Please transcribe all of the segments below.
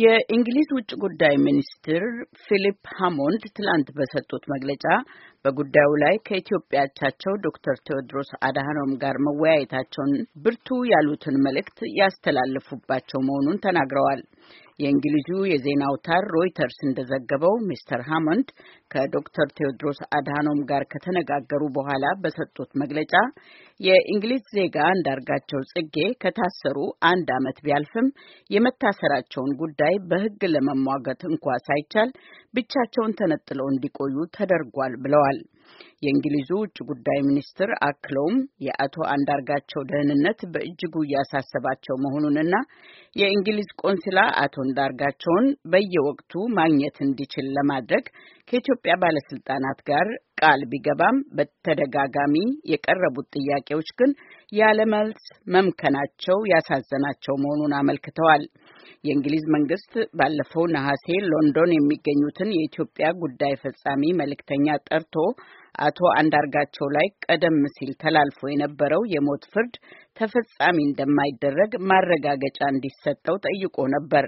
የእንግሊዝ ውጭ ጉዳይ ሚኒስትር ፊሊፕ ሃሞንድ ትላንት በሰጡት መግለጫ በጉዳዩ ላይ ከኢትዮጵያቻቸው ዶክተር ቴዎድሮስ አድሃኖም ጋር መወያየታቸውን ብርቱ ያሉትን መልእክት ያስተላለፉባቸው መሆኑን ተናግረዋል። የእንግሊዙ የዜና አውታር ሮይተርስ እንደዘገበው ሚስተር ሃሞንድ ከዶክተር ቴዎድሮስ አድሃኖም ጋር ከተነጋገሩ በኋላ በሰጡት መግለጫ የእንግሊዝ ዜጋ አንዳርጋቸው ጽጌ ከታሰሩ አንድ ዓመት ቢያልፍም የመታሰራቸውን ጉዳይ በሕግ ለመሟገት እንኳ ሳይቻል ብቻቸውን ተነጥለው እንዲቆዩ ተደርጓል ብለዋል። የእንግሊዙ ውጭ ጉዳይ ሚኒስትር አክለውም የአቶ አንዳርጋቸው ደህንነት በእጅጉ እያሳሰባቸው መሆኑንና የእንግሊዝ ቆንስላ አቶ አንዳርጋቸውን በየወቅቱ ማግኘት እንዲችል ለማድረግ ከኢትዮጵያ ባለስልጣናት ጋር ቃል ቢገባም በተደጋጋሚ የቀረቡት ጥያቄዎች ግን ያለመልስ መምከናቸው ያሳዘናቸው መሆኑን አመልክተዋል። የእንግሊዝ መንግስት ባለፈው ነሐሴ ሎንዶን የሚገኙትን የኢትዮጵያ ጉዳይ ፈጻሚ መልእክተኛ ጠርቶ አቶ አንዳርጋቸው ላይ ቀደም ሲል ተላልፎ የነበረው የሞት ፍርድ ተፈጻሚ እንደማይደረግ ማረጋገጫ እንዲሰጠው ጠይቆ ነበር።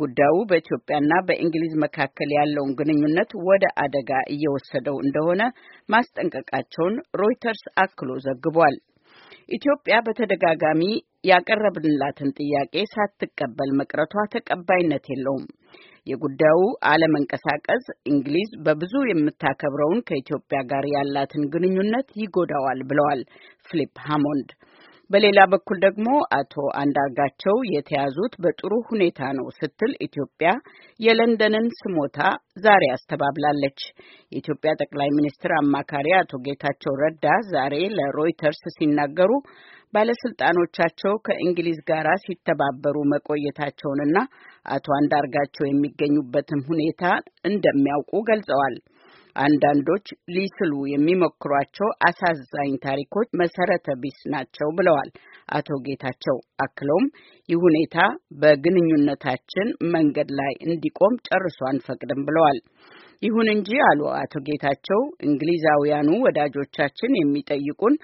ጉዳዩ በኢትዮጵያና በእንግሊዝ መካከል ያለውን ግንኙነት ወደ አደጋ እየወሰደው እንደሆነ ማስጠንቀቃቸውን ሮይተርስ አክሎ ዘግቧል። ኢትዮጵያ በተደጋጋሚ ያቀረብንላትን ጥያቄ ሳትቀበል መቅረቷ ተቀባይነት የለውም። የጉዳዩ አለመንቀሳቀስ እንግሊዝ በብዙ የምታከብረውን ከኢትዮጵያ ጋር ያላትን ግንኙነት ይጎዳዋል ብለዋል ፊሊፕ ሃሞንድ። በሌላ በኩል ደግሞ አቶ አንዳርጋቸው የተያዙት በጥሩ ሁኔታ ነው ስትል ኢትዮጵያ የለንደንን ስሞታ ዛሬ አስተባብላለች። የኢትዮጵያ ጠቅላይ ሚኒስትር አማካሪ አቶ ጌታቸው ረዳ ዛሬ ለሮይተርስ ሲናገሩ ባለስልጣኖቻቸው ከእንግሊዝ ጋር ሲተባበሩ መቆየታቸውንና አቶ አንዳርጋቸው የሚገኙበትን ሁኔታ እንደሚያውቁ ገልጸዋል። አንዳንዶች ሊስሉ የሚሞክሯቸው አሳዛኝ ታሪኮች መሰረተ ቢስ ናቸው ብለዋል አቶ ጌታቸው። አክለውም ይህ ሁኔታ በግንኙነታችን መንገድ ላይ እንዲቆም ጨርሶ አንፈቅድም ብለዋል። ይሁን እንጂ አሉ አቶ ጌታቸው፣ እንግሊዛውያኑ ወዳጆቻችን የሚጠይቁን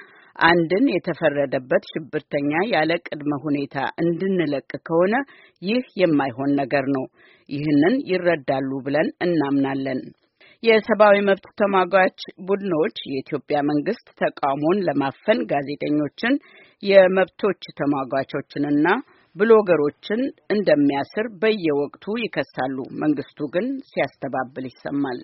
አንድን የተፈረደበት ሽብርተኛ ያለ ቅድመ ሁኔታ እንድንለቅ ከሆነ ይህ የማይሆን ነገር ነው። ይህንን ይረዳሉ ብለን እናምናለን። የሰብአዊ መብት ተሟጋች ቡድኖች የኢትዮጵያ መንግስት ተቃውሞን ለማፈን ጋዜጠኞችን፣ የመብቶች ተሟጋቾችንና ብሎገሮችን እንደሚያስር በየወቅቱ ይከሳሉ። መንግስቱ ግን ሲያስተባብል ይሰማል።